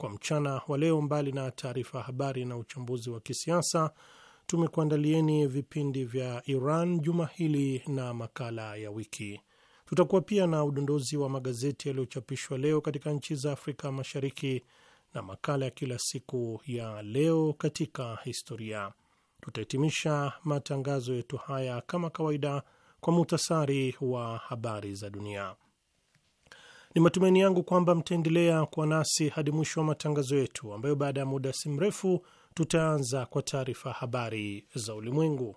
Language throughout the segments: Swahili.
Kwa mchana wa leo, mbali na taarifa habari na uchambuzi wa kisiasa, tumekuandalieni vipindi vya Iran juma hili na makala ya wiki. Tutakuwa pia na udondozi wa magazeti yaliyochapishwa leo katika nchi za Afrika Mashariki na makala ya kila siku ya leo katika historia. Tutahitimisha matangazo yetu haya kama kawaida kwa muhtasari wa habari za dunia. Ni matumaini yangu kwamba mtaendelea kuwa nasi hadi mwisho wa matangazo yetu, ambayo baada ya muda si mrefu tutaanza kwa taarifa habari za ulimwengu.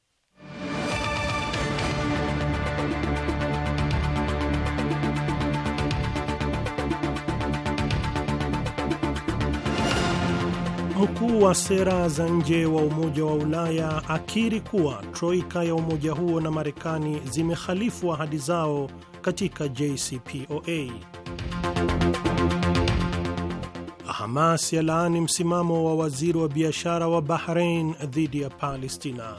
mkuu wa sera za nje wa Umoja wa Ulaya akiri kuwa troika ya umoja huo na Marekani zimehalifu ahadi zao katika JCPOA. Hamas yalaani msimamo wa waziri wa biashara wa Bahrain dhidi ya Palestina.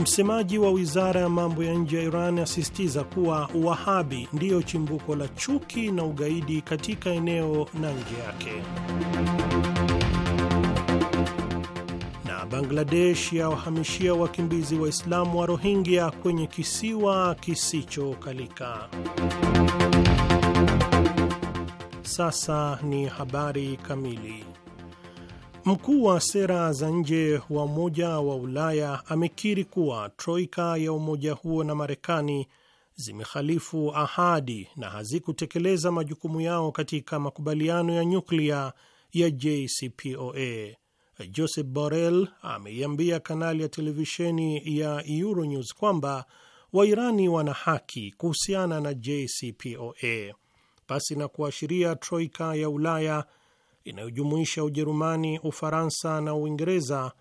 Msemaji wa wizara ya mambo ya nje ya Iran asisitiza kuwa Wahabi ndiyo chimbuko la chuki na ugaidi katika eneo na nje yake. Na Bangladesh yawahamishia wakimbizi Waislamu wa Rohingya kwenye kisiwa kisichokalika. Sasa ni habari kamili. Mkuu wa sera za nje wa Umoja wa Ulaya amekiri kuwa troika ya umoja huo na Marekani zimehalifu ahadi na hazikutekeleza majukumu yao katika makubaliano ya nyuklia ya JCPOA. Josep Borrell ameiambia kanali ya televisheni ya Euronews kwamba Wairani wana haki kuhusiana na JCPOA pasi na kuashiria troika ya Ulaya inayojumuisha Ujerumani, Ufaransa na Uingereza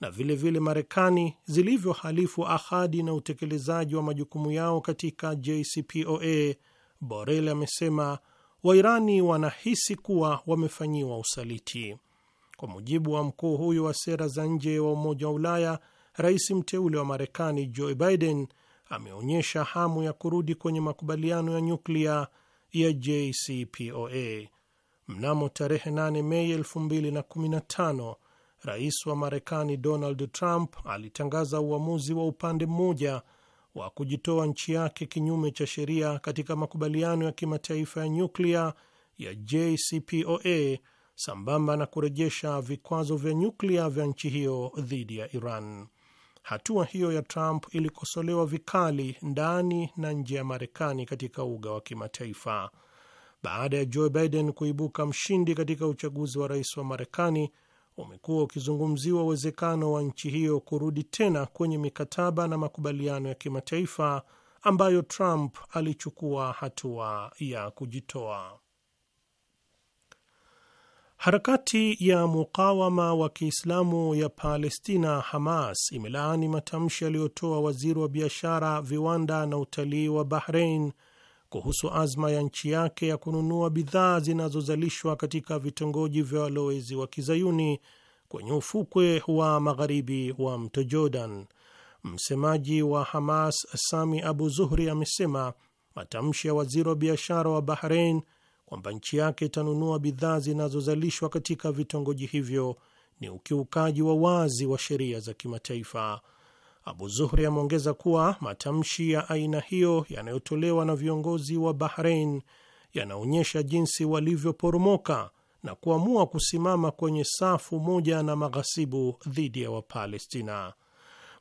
na vilevile vile Marekani zilivyohalifu ahadi na utekelezaji wa majukumu yao katika JCPOA, Borel amesema Wairani wanahisi kuwa wamefanyiwa usaliti. Kwa mujibu wa mkuu huyo wa sera za nje wa Umoja wa Ulaya, rais mteule wa Marekani Joe Biden ameonyesha hamu ya kurudi kwenye makubaliano ya nyuklia ya JCPOA mnamo tarehe 8 Mei 2015 rais wa Marekani Donald Trump alitangaza uamuzi wa upande mmoja wa kujitoa nchi yake kinyume cha sheria katika makubaliano ya kimataifa ya nyuklia ya JCPOA sambamba na kurejesha vikwazo vya nyuklia vya nchi hiyo dhidi ya Iran. Hatua hiyo ya Trump ilikosolewa vikali ndani na nje ya Marekani katika uga wa kimataifa baada ya Joe Biden kuibuka mshindi katika uchaguzi wa rais wa Marekani umekuwa ukizungumziwa uwezekano wa nchi hiyo kurudi tena kwenye mikataba na makubaliano ya kimataifa ambayo Trump alichukua hatua ya kujitoa. Harakati ya mukawama wa Kiislamu ya Palestina, Hamas, imelaani matamshi aliyotoa waziri wa biashara, viwanda na utalii wa bahrein kuhusu azma ya nchi yake ya kununua bidhaa zinazozalishwa katika vitongoji vya walowezi wa kizayuni kwenye ufukwe wa magharibi wa mto Jordan. Msemaji wa Hamas Sami Abu Zuhri amesema matamshi ya waziri wa biashara wa bahrein kwamba nchi yake itanunua bidhaa zinazozalishwa katika vitongoji hivyo ni ukiukaji wa wazi wa sheria za kimataifa. Abu Zuhri ameongeza kuwa matamshi ya aina hiyo yanayotolewa na viongozi wa Bahrein yanaonyesha jinsi walivyoporomoka na kuamua kusimama kwenye safu moja na maghasibu dhidi ya Wapalestina.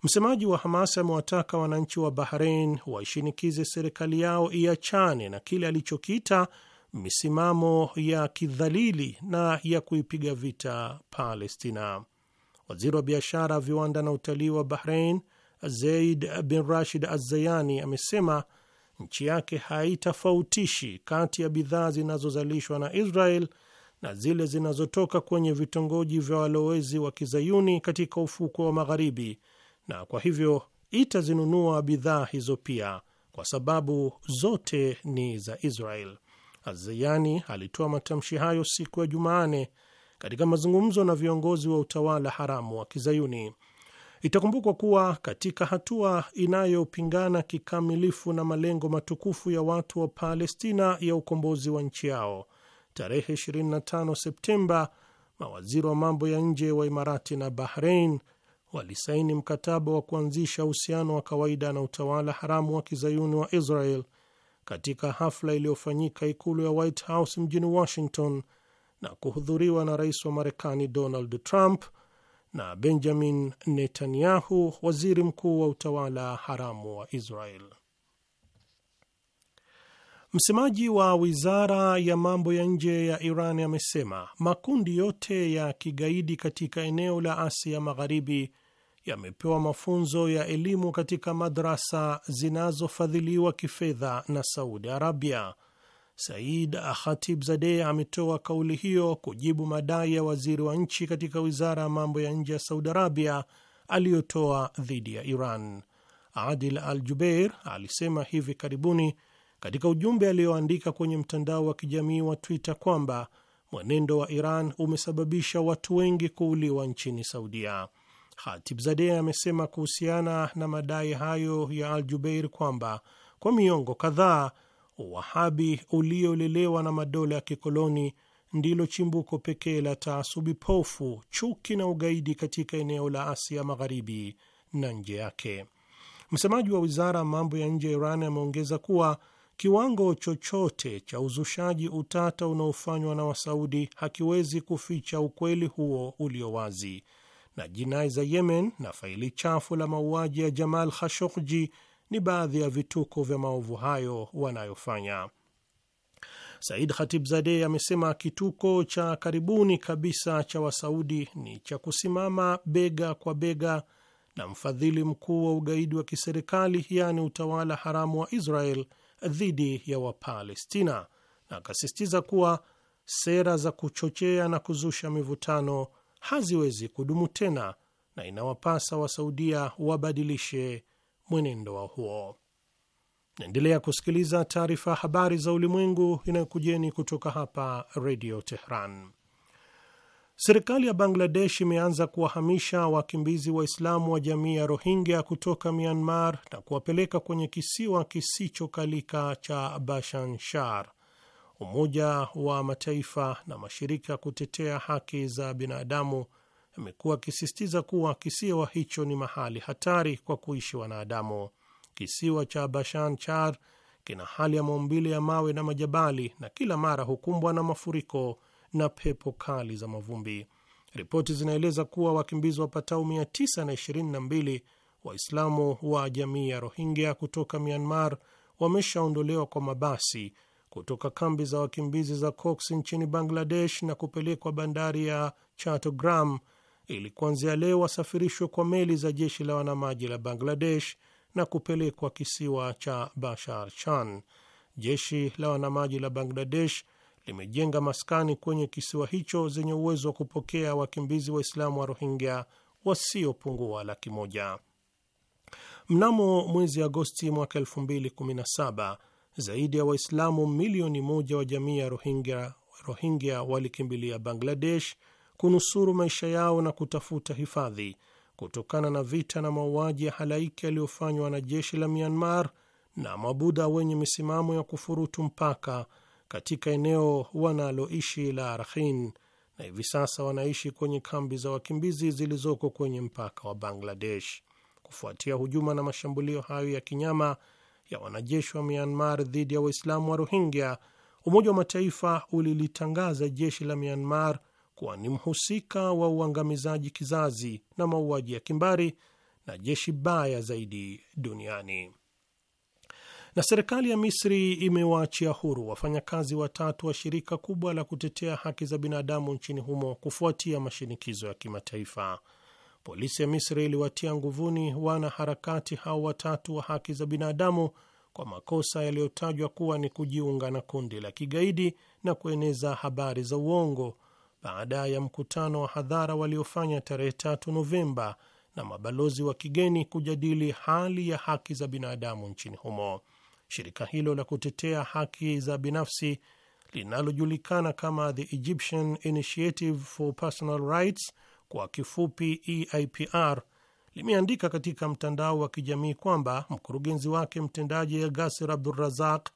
Msemaji wa Hamas amewataka wananchi wa Bahrein waishinikize serikali yao iachane na kile alichokiita misimamo ya kidhalili na ya kuipiga vita Palestina. Waziri wa biashara, viwanda na utalii wa Bahrein Zaid bin Rashid Azzayani amesema nchi yake haitofautishi kati ya bidhaa zinazozalishwa na Israel na zile zinazotoka kwenye vitongoji vya walowezi wa kizayuni katika ufukwo wa Magharibi, na kwa hivyo itazinunua bidhaa hizo pia, kwa sababu zote ni za Israel. azayani alitoa matamshi hayo siku ya Jumanne katika mazungumzo na viongozi wa utawala haramu wa kizayuni. Itakumbukwa kuwa katika hatua inayopingana kikamilifu na malengo matukufu ya watu wa Palestina ya ukombozi wa nchi yao, tarehe 25 Septemba, mawaziri wa mambo ya nje wa Imarati na Bahrain walisaini mkataba wa kuanzisha uhusiano wa kawaida na utawala haramu wa kizayuni wa Israel katika hafla iliyofanyika ikulu ya White House mjini Washington na kuhudhuriwa na rais wa Marekani Donald Trump na Benjamin Netanyahu, waziri mkuu wa utawala haramu wa Israel. Msemaji wa wizara ya mambo ya nje ya Iran amesema makundi yote ya kigaidi katika eneo la Asia Magharibi yamepewa mafunzo ya elimu katika madrasa zinazofadhiliwa kifedha na Saudi Arabia. Said Zade ametoa kauli hiyo kujibu madai ya waziri wa nchi katika wizara ya mambo ya nje ya Saudi Arabia aliyotoa dhidi ya Iran. Adil Al Jubeir alisema hivi karibuni katika ujumbe aliyoandika kwenye mtandao wa kijamii wa Twitter kwamba mwenendo wa Iran umesababisha watu wengi kuuliwa nchini Saudia. zade amesema kuhusiana na madai hayo ya Al Jubeir kwamba kwa miongo kadhaa Uwahabi uliolelewa na madola ya kikoloni ndilo chimbuko pekee la taasubi pofu, chuki na ugaidi katika eneo la Asia Magharibi na nje yake. Msemaji wa wizara ya mambo ya nje ya Iran ameongeza kuwa kiwango chochote cha uzushaji utata unaofanywa na Wasaudi hakiwezi kuficha ukweli huo ulio wazi, na jinai za Yemen na faili chafu la mauaji ya Jamal Khashoggi ni baadhi ya vituko vya maovu hayo wanayofanya. Said Khatibzadeh amesema kituko cha karibuni kabisa cha Wasaudi ni cha kusimama bega kwa bega na mfadhili mkuu wa ugaidi wa kiserikali yaani utawala haramu wa Israel dhidi ya Wapalestina, na akasisitiza kuwa sera za kuchochea na kuzusha mivutano haziwezi kudumu tena na inawapasa Wasaudia wabadilishe mwenendo wa huo. Naendelea kusikiliza taarifa ya habari za ulimwengu inayokujeni kutoka hapa Redio Tehran. Serikali ya Bangladesh imeanza kuwahamisha wakimbizi Waislamu wa jamii ya Rohingya kutoka Myanmar na kuwapeleka kwenye kisiwa kisichokalika cha bashanshar Umoja wa Mataifa na mashirika kutetea haki za binadamu amekuwa akisisitiza kuwa kisiwa hicho ni mahali hatari kwa kuishi wanadamu. Kisiwa cha Bashan Char kina hali ya maumbile ya mawe na majabali na kila mara hukumbwa na mafuriko na pepo kali za mavumbi. Ripoti zinaeleza kuwa wakimbizi wapatao 922 Waislamu wa jamii ya Rohingya kutoka Myanmar wameshaondolewa kwa mabasi kutoka kambi za wakimbizi za Cox nchini Bangladesh na kupelekwa bandari ya Chattogram ili kuanzia leo wasafirishwe kwa meli za jeshi la wanamaji la Bangladesh na kupelekwa kisiwa cha Bashar Chan. Jeshi la wanamaji la Bangladesh limejenga maskani kwenye kisiwa hicho zenye uwezo wa kupokea wakimbizi Waislamu wa Rohingya wasiopungua laki moja. Mnamo mwezi Agosti mwaka saba zaidi ya Waislamu milioni moja wa jamii ya Rohingya, Rohingya walikimbilia Bangladesh kunusuru maisha yao na kutafuta hifadhi kutokana na vita na mauaji ya halaiki yaliyofanywa na jeshi la Myanmar na mabudha wenye misimamo ya kufurutu mpaka katika eneo wanaloishi la Rakhine na hivi sasa wanaishi kwenye kambi za wakimbizi zilizoko kwenye mpaka wa Bangladesh. Kufuatia hujuma na mashambulio hayo ya kinyama ya wanajeshi wa Myanmar dhidi ya Waislamu wa Rohingya, Umoja wa Mataifa ulilitangaza jeshi la Myanmar kuwa ni mhusika wa uangamizaji kizazi na mauaji ya kimbari na jeshi baya zaidi duniani. Na serikali ya Misri imewaachia huru wafanyakazi watatu wa shirika kubwa la kutetea haki za binadamu nchini humo kufuatia mashinikizo ya kimataifa. Polisi ya Misri iliwatia nguvuni wanaharakati hao watatu wa haki za binadamu kwa makosa yaliyotajwa kuwa ni kujiunga na kundi la kigaidi na kueneza habari za uongo baada ya mkutano wa hadhara waliofanya tarehe 3 Novemba na mabalozi wa kigeni kujadili hali ya haki za binadamu nchini humo. Shirika hilo la kutetea haki za binafsi linalojulikana kama The Egyptian Initiative for Personal Rights, kwa kifupi EIPR, limeandika katika mtandao wa kijamii kwamba mkurugenzi wake mtendaji Gasir Abdurazaq,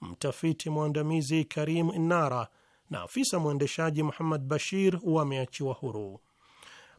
mtafiti mwandamizi Karim Nara na afisa mwendeshaji Muhammad Bashir wameachiwa huru.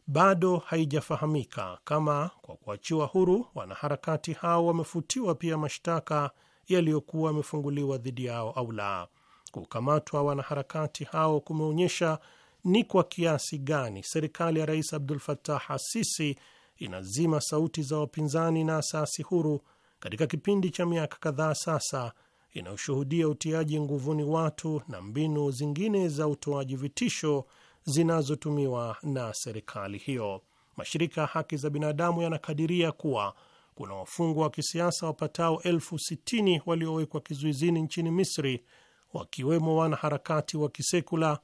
Bado haijafahamika kama kwa kuachiwa huru wanaharakati hao wamefutiwa pia mashtaka yaliyokuwa yamefunguliwa dhidi yao au la. Kukamatwa wanaharakati hao kumeonyesha ni kwa kiasi gani serikali ya Rais Abdul fatah Asisi inazima sauti za wapinzani na asasi huru katika kipindi cha miaka kadhaa sasa inayoshuhudia utiaji nguvuni watu na mbinu zingine za utoaji vitisho zinazotumiwa na serikali hiyo. Mashirika ya haki za binadamu yanakadiria kuwa kuna wafungwa wa kisiasa wapatao elfu sitini waliowekwa kizuizini nchini Misri, wakiwemo wanaharakati wa kisekula,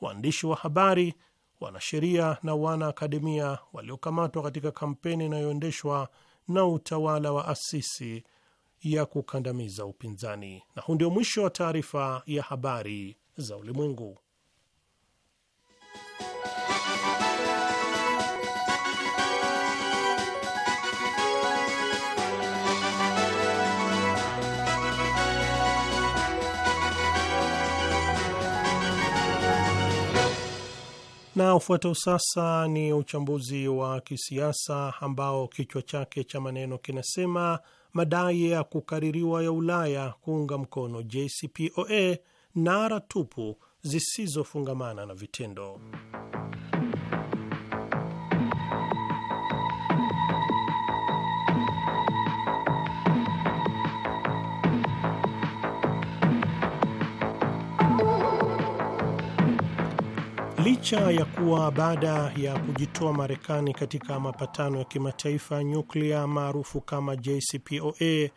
waandishi wa habari, wanasheria na wanaakademia waliokamatwa katika kampeni inayoendeshwa na utawala wa Asisi ya kukandamiza upinzani. Na huu ndio mwisho wa taarifa ya habari za ulimwengu. Na ufuatao sasa ni uchambuzi wa kisiasa ambao kichwa chake cha maneno kinasema madai ya kukaririwa ya Ulaya kuunga mkono JCPOA, nara tupu zisizofungamana na vitendo. Licha ya kuwa baada ya kujitoa Marekani katika mapatano ya kimataifa ya nyuklia maarufu kama JCPOA,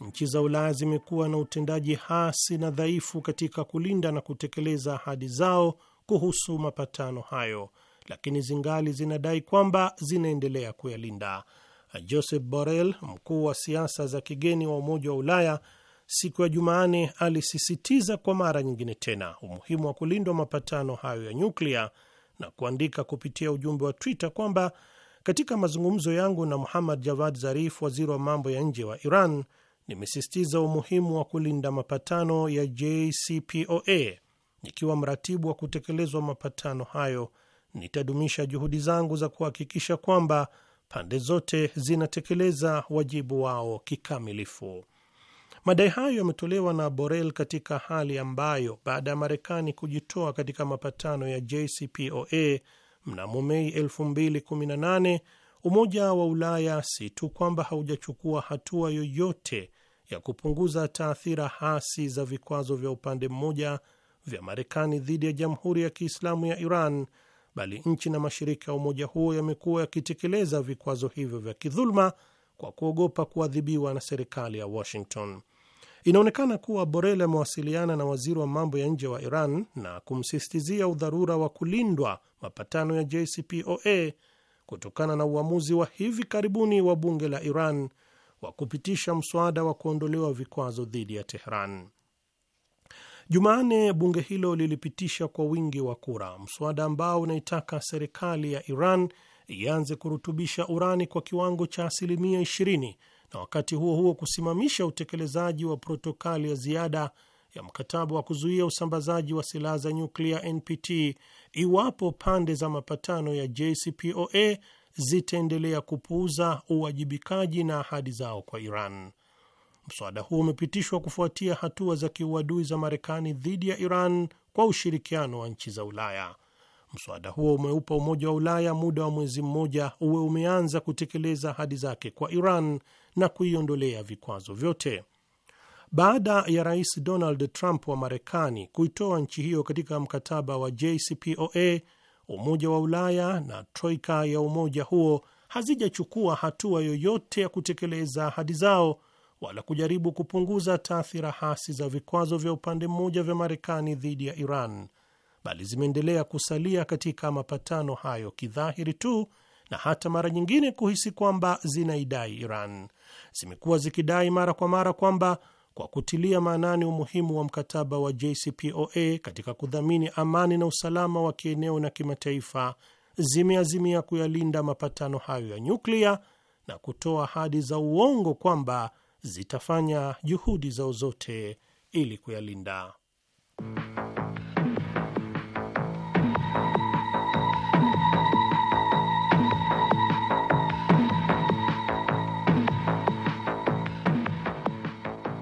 nchi za Ulaya zimekuwa na utendaji hasi na dhaifu katika kulinda na kutekeleza ahadi zao kuhusu mapatano hayo, lakini zingali zinadai kwamba zinaendelea kuyalinda. Joseph Borrell, mkuu wa siasa za kigeni wa Umoja wa Ulaya, siku ya Jumanne alisisitiza kwa mara nyingine tena umuhimu wa kulindwa mapatano hayo ya nyuklia na kuandika kupitia ujumbe wa Twitter kwamba katika mazungumzo yangu na Muhammad Javad Zarif, waziri wa mambo ya nje wa Iran, nimesisitiza umuhimu wa kulinda mapatano ya JCPOA. Nikiwa mratibu wa kutekelezwa mapatano hayo, nitadumisha juhudi zangu za kuhakikisha kwamba pande zote zinatekeleza wajibu wao kikamilifu. Madai hayo yametolewa na Borel katika hali ambayo baada ya Marekani kujitoa katika mapatano ya JCPOA mnamo Mei 2018 Umoja wa Ulaya si tu kwamba haujachukua hatua yoyote ya kupunguza taathira hasi za vikwazo vya upande mmoja vya Marekani dhidi ya Jamhuri ya Kiislamu ya Iran, bali nchi na mashirika ya umoja huo yamekuwa yakitekeleza vikwazo hivyo vya kidhuluma kwa kuogopa kuadhibiwa na serikali ya Washington. Inaonekana kuwa Borel amewasiliana na waziri wa mambo ya nje wa Iran na kumsisitizia udharura wa kulindwa mapatano ya JCPOA kutokana na uamuzi wa hivi karibuni wa bunge la Iran wa kupitisha mswada wa kuondolewa vikwazo dhidi ya Tehran. Jumane bunge hilo lilipitisha kwa wingi wa kura mswada ambao unaitaka serikali ya Iran ianze kurutubisha urani kwa kiwango cha asilimia 20 na wakati huo huo kusimamisha utekelezaji wa protokali ya ziada ya mkataba wa kuzuia usambazaji wa silaha za nyuklia NPT iwapo pande za mapatano ya JCPOA zitaendelea kupuuza uwajibikaji na ahadi zao kwa Iran. Mswada huo umepitishwa kufuatia hatua za kiuadui za Marekani dhidi ya Iran kwa ushirikiano wa nchi za Ulaya. Mswada huo umeupa Umoja wa Ulaya muda wa mwezi mmoja uwe umeanza kutekeleza ahadi zake kwa Iran na kuiondolea vikwazo vyote. Baada ya Rais Donald Trump wa Marekani kuitoa nchi hiyo katika mkataba wa JCPOA, Umoja wa Ulaya na troika ya umoja huo hazijachukua hatua yoyote ya kutekeleza ahadi zao wala kujaribu kupunguza taathira hasi za vikwazo vya upande mmoja vya Marekani dhidi ya Iran, bali zimeendelea kusalia katika mapatano hayo kidhahiri tu na hata mara nyingine kuhisi kwamba zinaidai Iran. Zimekuwa zikidai mara kwa mara kwamba kwa kutilia maanani umuhimu wa mkataba wa JCPOA katika kudhamini amani na usalama wa kieneo na kimataifa, zimeazimia kuyalinda mapatano hayo ya nyuklia na kutoa ahadi za uongo kwamba zitafanya juhudi zao zote ili kuyalinda.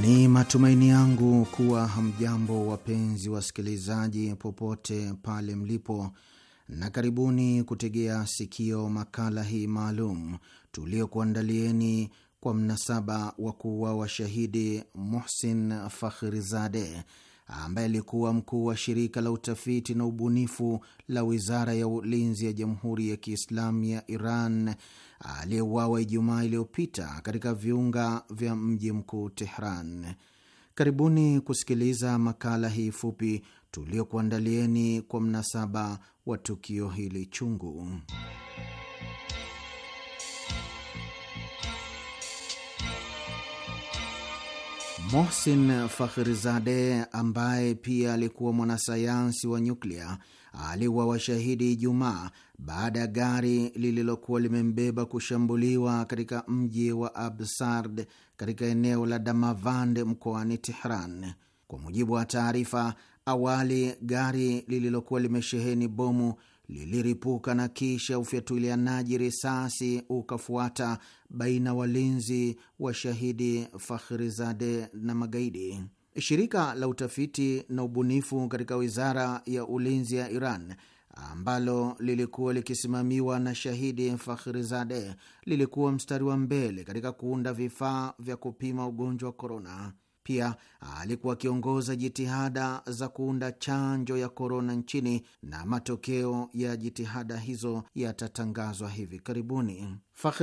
Ni matumaini yangu kuwa hamjambo wapenzi wasikilizaji, popote pale mlipo, na karibuni kutegea sikio makala hii maalum tuliokuandalieni kwa mnasaba wa kuuawa shahidi Muhsin Fakhrizade ambaye alikuwa mkuu wa shirika la utafiti na ubunifu la wizara ya ulinzi ya Jamhuri ya Kiislamu ya Iran aliyeuawa Ijumaa iliyopita katika viunga vya mji mkuu Tehran. Karibuni kusikiliza makala hii fupi tuliokuandalieni kwa mnasaba wa tukio hili chungu. Mohsin Fakhrizade ambaye pia alikuwa mwanasayansi wa nyuklia aliwa washahidi Ijumaa baada ya gari lililokuwa limembeba kushambuliwa katika mji wa Absard katika eneo la Damavand mkoani Tehran. Kwa mujibu wa taarifa awali, gari lililokuwa limesheheni bomu liliripuka na kisha ufyatulianaji risasi ukafuata baina walinzi wa shahidi Fakhrizade na magaidi. Shirika la utafiti na ubunifu katika wizara ya ulinzi ya Iran ambalo lilikuwa likisimamiwa na Shahidi Fakhrizadeh lilikuwa mstari wa mbele katika kuunda vifaa vya kupima ugonjwa wa korona. Pia alikuwa akiongoza jitihada za kuunda chanjo ya korona nchini na matokeo ya jitihada hizo yatatangazwa hivi karibuni.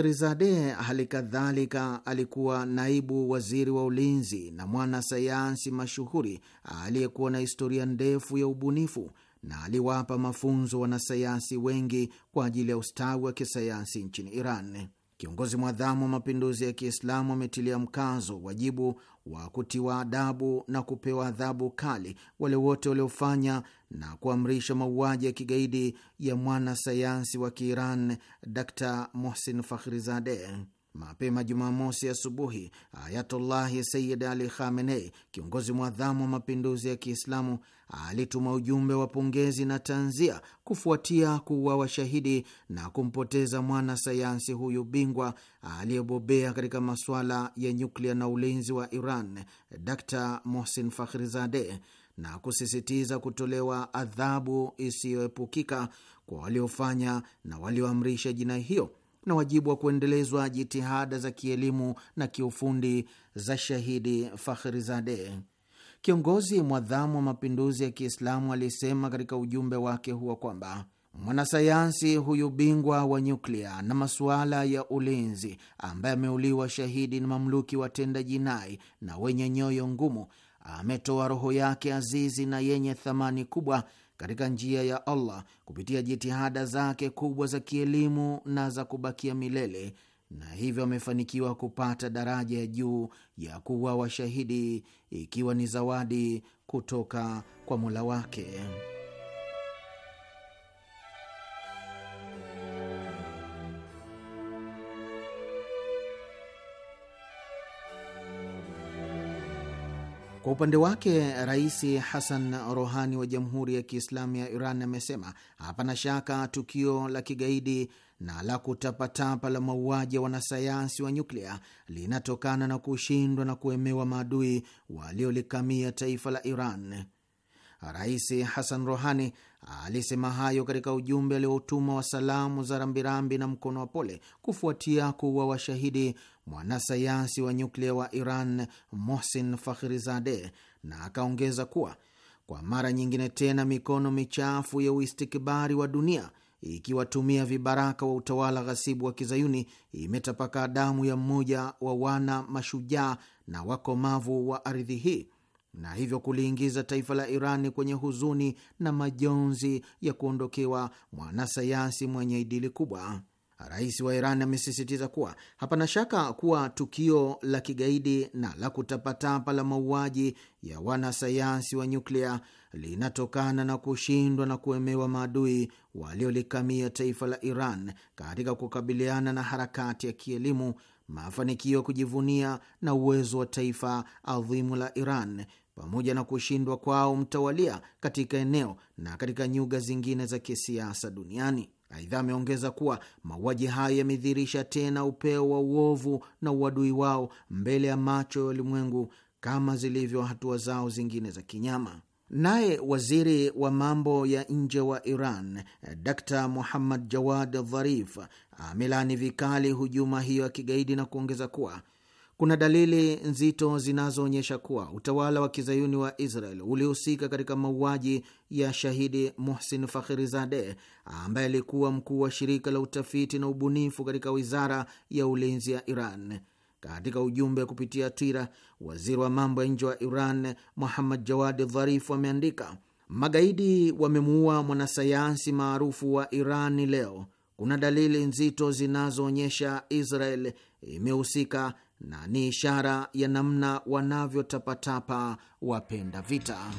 zade hali kadhalika alikuwa naibu waziri wa ulinzi na mwanasayansi mashuhuri aliyekuwa na historia ndefu ya ubunifu na aliwapa mafunzo wanasayansi wengi kwa ajili ya ustawi wa kisayansi nchini Iran. Kiongozi mwadhamu wa mapinduzi ya Kiislamu ametilia mkazo wajibu wa kutiwa adabu na kupewa adhabu kali wale wote waliofanya na kuamrisha mauaji ya kigaidi ya mwanasayansi wa Kiiran Dr Mohsin Fakhrizade. Mapema Jumamosi asubuhi, Ayatullahi Sayid Ali Khamenei, kiongozi mwadhamu wa mapinduzi ya Kiislamu, alituma ujumbe wa pongezi na tanzia kufuatia kuuawa shahidi na kumpoteza mwana sayansi huyu bingwa aliyebobea katika masuala ya nyuklia na ulinzi wa Iran, Dr Mohsin Fakhrizadeh, na kusisitiza kutolewa adhabu isiyoepukika kwa waliofanya na walioamrisha jinai hiyo na wajibu wa kuendelezwa jitihada za kielimu na kiufundi za shahidi Fakhrizadeh. Kiongozi mwadhamu wa mapinduzi ya Kiislamu alisema katika ujumbe wake huo kwamba mwanasayansi huyu bingwa wa nyuklia na masuala ya ulinzi ambaye ameuliwa shahidi na mamluki watenda jinai na wenye nyoyo ngumu ametoa roho yake azizi na yenye thamani kubwa katika njia ya Allah kupitia jitihada zake kubwa za kielimu na za kubakia milele na hivyo wamefanikiwa kupata daraja ya juu ya kuwa washahidi ikiwa ni zawadi kutoka kwa Mola wake. Kwa upande wake Rais Hassan Rohani wa Jamhuri ya Kiislamu ya Iran amesema hapana shaka tukio la kigaidi na la kutapatapa la mauaji ya wanasayansi wa nyuklia linatokana na kushindwa na kuemewa maadui waliolikamia taifa la Iran. Rais Hassan Rohani alisema hayo katika ujumbe aliotuma wa salamu za rambirambi na mkono wa pole kufuatia kuwa washahidi mwanasayansi wa nyuklia wa Iran Mohsin Fakhrizadeh, na akaongeza kuwa kwa mara nyingine tena mikono michafu ya uistikibari wa dunia ikiwatumia vibaraka wa utawala ghasibu wa kizayuni imetapaka damu ya mmoja wa wana mashujaa na wakomavu wa ardhi hii na hivyo kuliingiza taifa la Irani kwenye huzuni na majonzi ya kuondokewa mwanasayansi mwenye idili kubwa. Rais wa Iran amesisitiza kuwa hapana shaka kuwa tukio la kigaidi na la kutapatapa la mauaji ya wanasayansi wa nyuklia linatokana na kushindwa na kuemewa maadui waliolikamia taifa la Iran katika kukabiliana na harakati ya kielimu, mafanikio ya kujivunia na uwezo wa taifa adhimu la Iran pamoja na kushindwa kwao mtawalia katika eneo na katika nyuga zingine za kisiasa duniani. Aidha, ameongeza kuwa mauaji hayo yamedhihirisha tena upeo wa uovu na uadui wao mbele ya macho ya ulimwengu kama zilivyo hatua zao zingine za kinyama. Naye waziri wa mambo ya nje wa Iran Dr Muhammad Jawad Dharif amelaani vikali hujuma hiyo ya kigaidi na kuongeza kuwa kuna dalili nzito zinazoonyesha kuwa utawala wa kizayuni wa Israel ulihusika katika mauaji ya shahidi Muhsin Fakhrizadeh ambaye alikuwa mkuu wa shirika la utafiti na ubunifu katika wizara ya ulinzi ya Iran. Katika ujumbe kupitia Twira, waziri wa mambo ya nje wa Iran Muhammad Jawadi Dharif ameandika, magaidi wamemuua mwanasayansi maarufu wa iran leo. Kuna dalili nzito zinazoonyesha Israel imehusika na ni ishara ya namna wanavyotapatapa wapenda vita.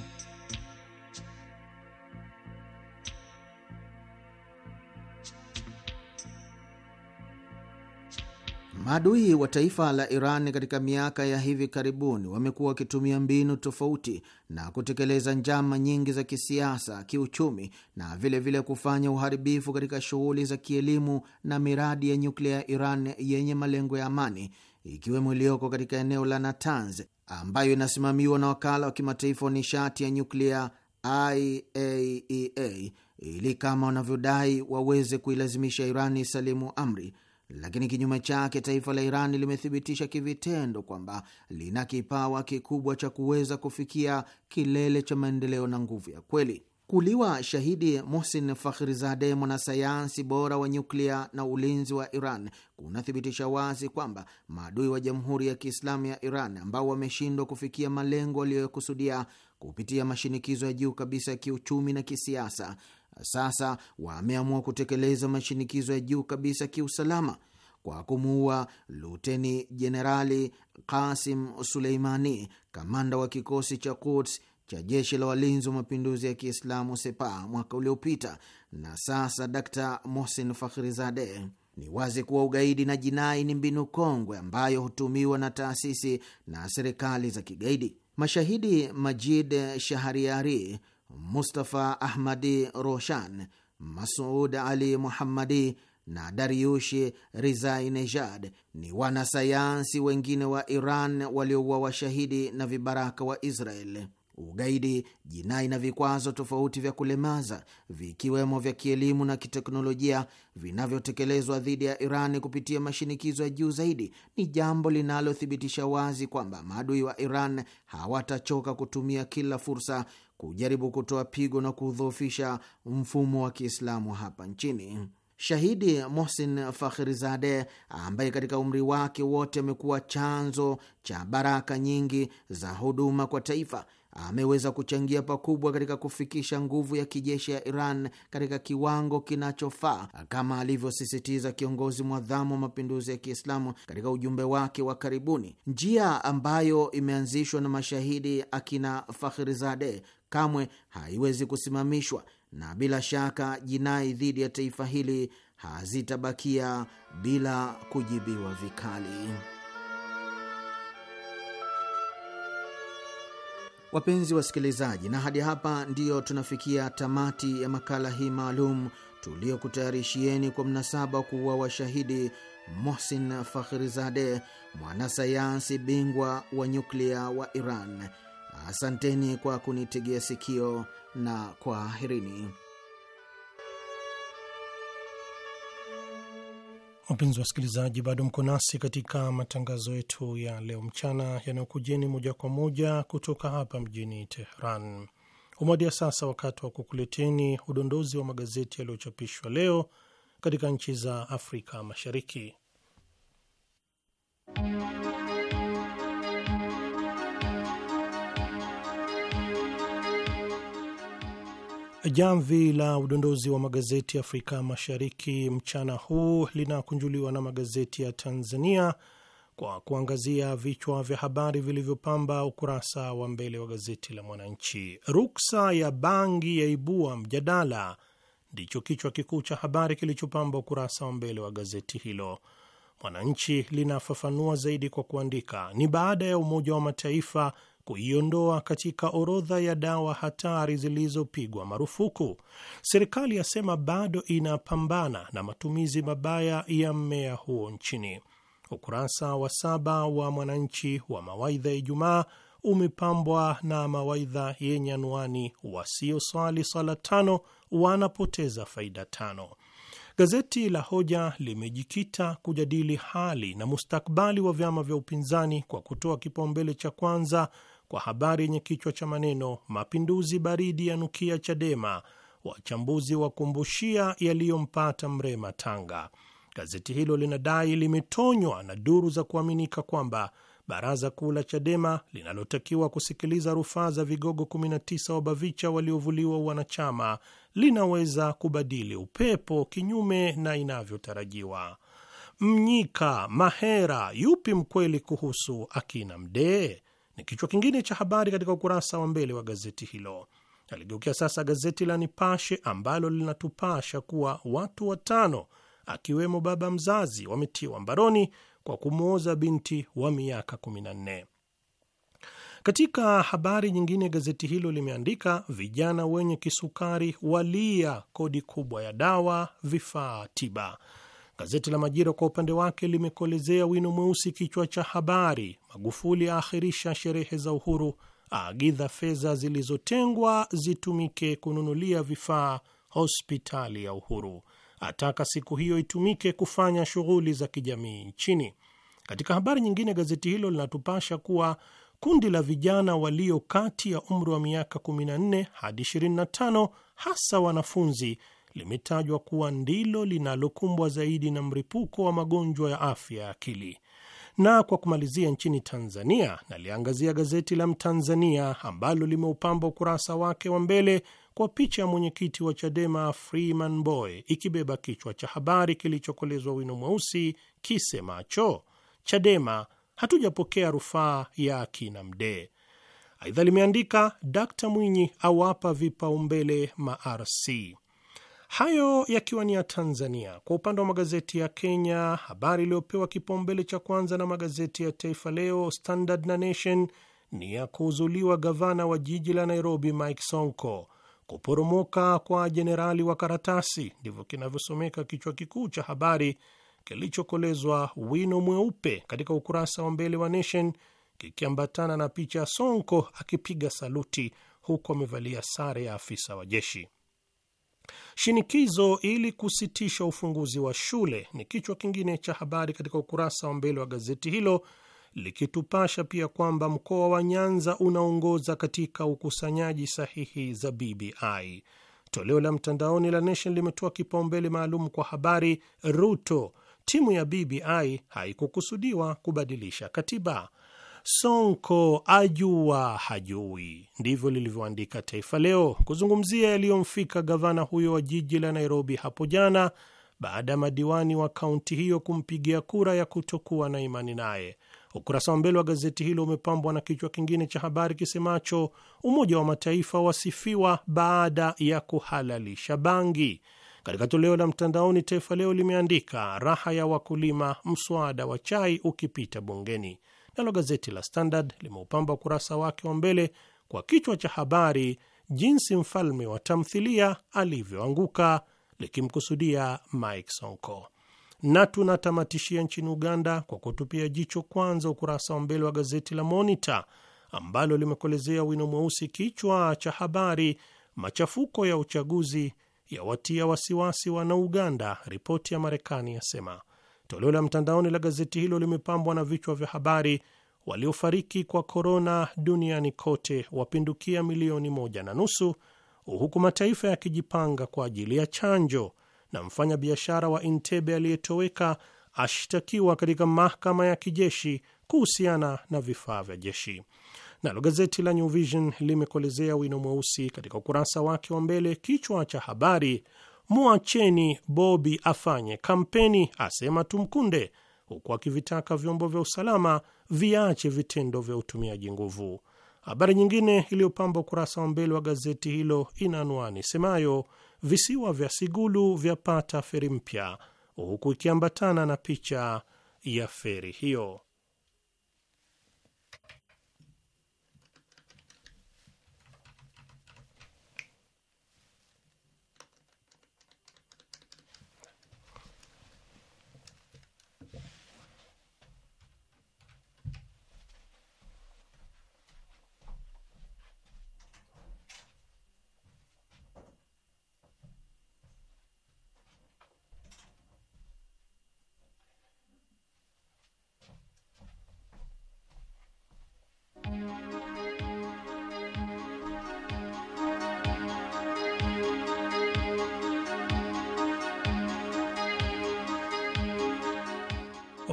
Maadui wa taifa la Iran katika miaka ya hivi karibuni wamekuwa wakitumia mbinu tofauti na kutekeleza njama nyingi za kisiasa, kiuchumi na vilevile vile kufanya uharibifu katika shughuli za kielimu na miradi ya nyuklia ya Iran yenye malengo ya amani ikiwemo iliyoko katika eneo la Natanz ambayo inasimamiwa na wakala wa kimataifa wa nishati ya nyuklia IAEA e ili kama wanavyodai waweze kuilazimisha Irani salimu amri, lakini kinyume chake taifa la Irani limethibitisha kivitendo kwamba lina kipawa kikubwa cha kuweza kufikia kilele cha maendeleo na nguvu ya kweli kuliwa shahidi Mohsin Fakhrizade, mwanasayansi bora wa nyuklia na ulinzi wa Iran, kunathibitisha wazi kwamba maadui wa Jamhuri ya Kiislamu ya Iran ambao wameshindwa kufikia malengo waliyokusudia kupitia mashinikizo ya juu kabisa ya kiuchumi na kisiasa, sasa wameamua kutekeleza mashinikizo ya juu kabisa kiusalama kwa kumuua Luteni Jenerali Kasim Suleimani, kamanda wa kikosi cha Quds cha jeshi la walinzi wa mapinduzi ya Kiislamu Sepa mwaka uliopita na sasa Dr Mohsen fakhrizade Ni wazi kuwa ugaidi na jinai ni mbinu kongwe ambayo hutumiwa na taasisi na serikali za kigaidi. Mashahidi Majid Shahariari, Mustafa Ahmadi Roshan, Masud Ali Muhammadi na Dariushi Rizai Nejad ni wanasayansi wengine wa Iran waliouawa washahidi na vibaraka wa Israel ugaidi, jinai na vikwazo tofauti vya kulemaza vikiwemo vya kielimu na kiteknolojia vinavyotekelezwa dhidi ya Iran kupitia mashinikizo ya juu zaidi ni jambo linalothibitisha wazi kwamba maadui wa Iran hawatachoka kutumia kila fursa kujaribu kutoa pigo na kudhoofisha mfumo wa Kiislamu hapa nchini. Shahidi Mohsin Fakhrizade, ambaye katika umri wake wote amekuwa chanzo cha baraka nyingi za huduma kwa taifa ameweza kuchangia pakubwa katika kufikisha nguvu ya kijeshi ya Iran katika kiwango kinachofaa kama alivyosisitiza kiongozi mwadhamu wa mapinduzi ya Kiislamu katika ujumbe wake wa karibuni. Njia ambayo imeanzishwa na mashahidi akina Fakhrizade kamwe haiwezi kusimamishwa, na bila shaka jinai dhidi ya taifa hili hazitabakia bila kujibiwa vikali. Wapenzi wasikilizaji, na hadi hapa ndiyo tunafikia tamati ya makala hii maalum tuliokutayarishieni kwa mnasaba wa washahidi shahidi Mohsin Fakhrizade, mwanasayansi bingwa wa nyuklia wa Iran. Asanteni kwa kunitegea sikio na kwaherini. Wapenzi wa wasikilizaji, bado mko nasi katika matangazo yetu ya leo mchana yanayokujeni moja kwa moja kutoka hapa mjini Teheran. Umoja sasa wakati wa kukuleteni udondozi wa magazeti yaliyochapishwa leo katika nchi za Afrika Mashariki. Jamvi la udondozi wa magazeti Afrika Mashariki mchana huu linakunjuliwa na magazeti ya Tanzania kwa kuangazia vichwa vya habari vilivyopamba ukurasa wa mbele wa gazeti la Mwananchi. Ruksa ya bangi yaibua mjadala, ndicho kichwa kikuu cha habari kilichopamba ukurasa wa mbele wa gazeti hilo. Mwananchi linafafanua zaidi kwa kuandika, ni baada ya Umoja wa Mataifa kuiondoa katika orodha ya dawa hatari zilizopigwa marufuku. Serikali yasema bado inapambana na matumizi mabaya ya mmea huo nchini. Ukurasa wa saba wa Mwananchi wa mawaidha ya Ijumaa umepambwa na mawaidha yenye anwani, wasioswali sala tano wanapoteza faida tano. Gazeti la Hoja limejikita kujadili hali na mustakbali wa vyama vya upinzani kwa kutoa kipaumbele cha kwanza kwa habari yenye kichwa cha maneno mapinduzi baridi ya nukia Chadema, wachambuzi wakumbushia yaliyompata Mrema Tanga. Gazeti hilo linadai limetonywa na duru za kuaminika kwamba baraza kuu la Chadema linalotakiwa kusikiliza rufaa za vigogo 19 wa Bavicha waliovuliwa wanachama linaweza kubadili upepo kinyume na inavyotarajiwa. Mnyika, Mahera, yupi mkweli kuhusu akina Mdee? ni kichwa kingine cha habari katika ukurasa wa mbele wa gazeti hilo. Aligeukia sasa gazeti la Nipashe ambalo linatupasha kuwa watu watano akiwemo baba mzazi wametiwa mbaroni kwa kumwoza binti wa miaka 14. Katika habari nyingine, gazeti hilo limeandika vijana wenye kisukari walia kodi kubwa ya dawa, vifaa tiba. Gazeti la Majira kwa upande wake limekolezea wino mweusi kichwa cha habari, Magufuli aakhirisha sherehe za uhuru, aagidha fedha zilizotengwa zitumike kununulia vifaa hospitali ya Uhuru, ataka siku hiyo itumike kufanya shughuli za kijamii nchini. Katika habari nyingine, gazeti hilo linatupasha kuwa kundi la vijana walio kati ya umri wa miaka 14 hadi 25 hasa wanafunzi limetajwa kuwa ndilo linalokumbwa zaidi na mripuko wa magonjwa ya afya ya akili. Na kwa kumalizia, nchini Tanzania naliangazia gazeti la Mtanzania ambalo limeupamba ukurasa wake wa mbele kwa picha ya mwenyekiti wa Chadema Freeman Mbowe ikibeba kichwa cha habari kilichokolezwa wino mweusi kisemacho Chadema hatujapokea rufaa ya akina Mdee. Aidha limeandika Dkt Mwinyi awapa vipaumbele ma RC. Hayo yakiwa ni ya Tanzania. Kwa upande wa magazeti ya Kenya, habari iliyopewa kipaumbele cha kwanza na magazeti ya Taifa Leo, Standard na Nation ni ya kuuzuliwa gavana wa jiji la Nairobi Mike Sonko, kuporomoka kwa jenerali wa karatasi, ndivyo kinavyosomeka kichwa kikuu cha habari kilichokolezwa wino mweupe katika ukurasa wa mbele wa Nation, kikiambatana na picha ya Sonko akipiga saluti huku amevalia sare ya afisa wa jeshi. Shinikizo ili kusitisha ufunguzi wa shule ni kichwa kingine cha habari katika ukurasa wa mbele wa gazeti hilo, likitupasha pia kwamba mkoa wa Nyanza unaongoza katika ukusanyaji sahihi za BBI. Toleo la mtandaoni la Nation limetoa kipaumbele maalum kwa habari Ruto, timu ya BBI haikukusudiwa kubadilisha katiba. Sonko ajua hajui, ndivyo lilivyoandika Taifa Leo kuzungumzia yaliyomfika gavana huyo wa jiji la Nairobi hapo jana baada ya madiwani wa kaunti hiyo kumpigia kura ya kutokuwa na imani naye. Ukurasa wa mbele wa gazeti hilo umepambwa na kichwa kingine cha habari kisemacho Umoja wa Mataifa wasifiwa baada ya kuhalalisha bangi. Katika toleo la mtandaoni, Taifa Leo limeandika raha ya wakulima, mswada wa chai ukipita bungeni. Nalo gazeti la Standard limeupamba ukurasa wake wa mbele kwa kichwa cha habari, jinsi mfalme wa tamthilia alivyoanguka, likimkusudia Mike Sonko. Na tunatamatishia nchini Uganda kwa kutupia jicho kwanza ukurasa wa mbele wa gazeti la monita ambalo limekolezea wino mweusi kichwa cha habari, machafuko ya uchaguzi yawatia wasiwasi wana Uganda, ripoti ya Marekani yasema. Toleo la mtandaoni la gazeti hilo limepambwa na vichwa vya habari: waliofariki kwa korona duniani kote wapindukia milioni moja na nusu huku mataifa yakijipanga kwa ajili ya chanjo, na mfanyabiashara wa intebe aliyetoweka ashtakiwa katika mahakama ya kijeshi kuhusiana na vifaa vya jeshi. Nalo gazeti la New Vision limekolezea wino mweusi katika ukurasa wake wa mbele kichwa cha habari mwacheni Bobi afanye kampeni, asema Tumkunde, huku akivitaka vyombo vya usalama viache vitendo vya utumiaji nguvu. Habari nyingine iliyopamba ukurasa wa mbele wa gazeti hilo ina anwani semayo visiwa vya Sigulu vyapata feri mpya, huku ikiambatana na picha ya feri hiyo.